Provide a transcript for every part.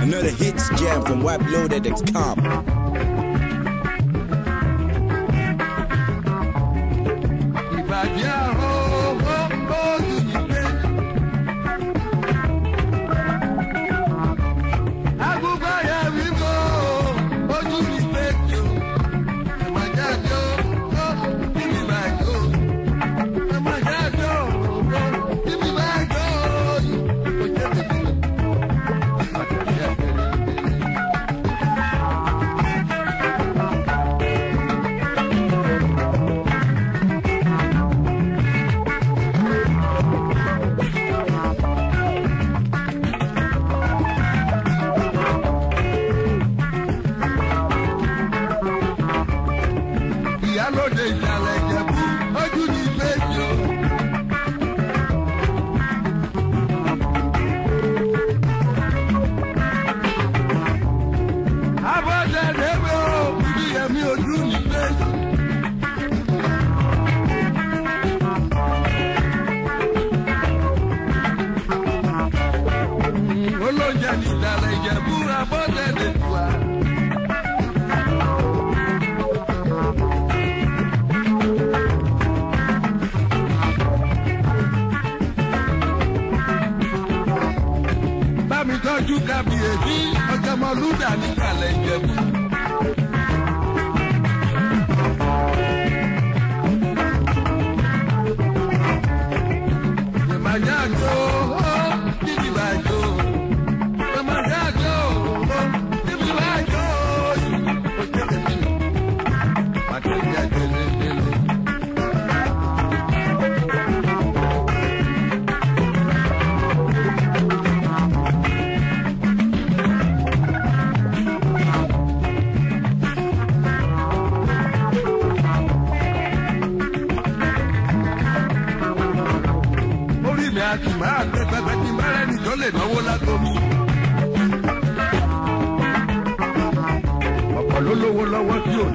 Another hits jam from White Loaded XCOM. àbí ọ̀jọ̀mọlúdà ní kàlẹ̀ ìjẹ̀bú. Ìmàjà go.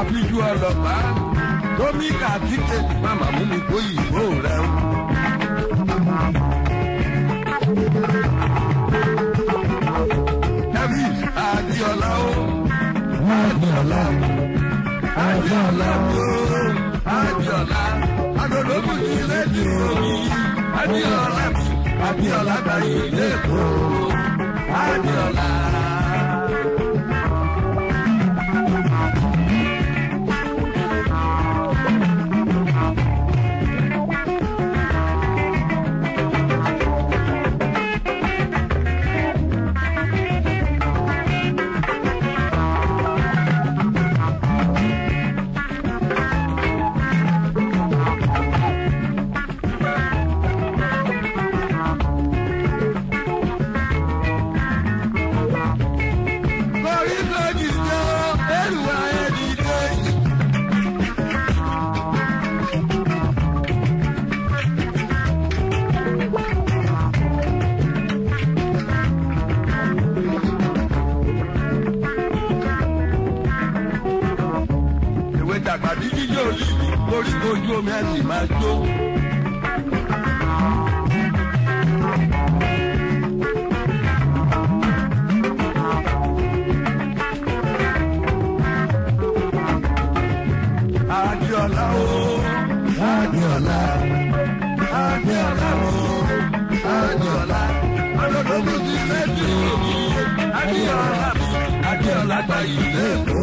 afiju ọlọ́pàá tómi kàkíkè màmá mú mi kó ìbò rẹ o. David Adiola o, Adiola, Adiola o, Adiola, Adolobu ti lẹ́dí omi, Adiola mi, Adiola gbayé lẹ́kọ̀ọ́, Adiola. ojú omi á sì máa jó. Adéọlá o, Adéọlá, Adéọlá o, Adéọlá, ọlọ́dún mi ti fẹ́ dùn. Adéọlá, Adéọlá gba ìlú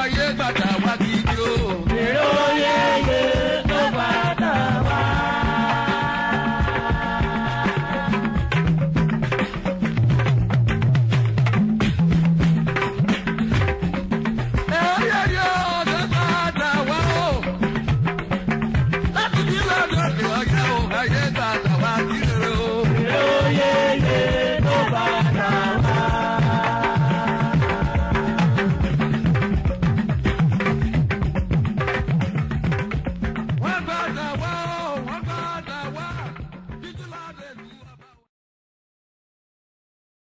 ayé bàtà wá kí ni ó.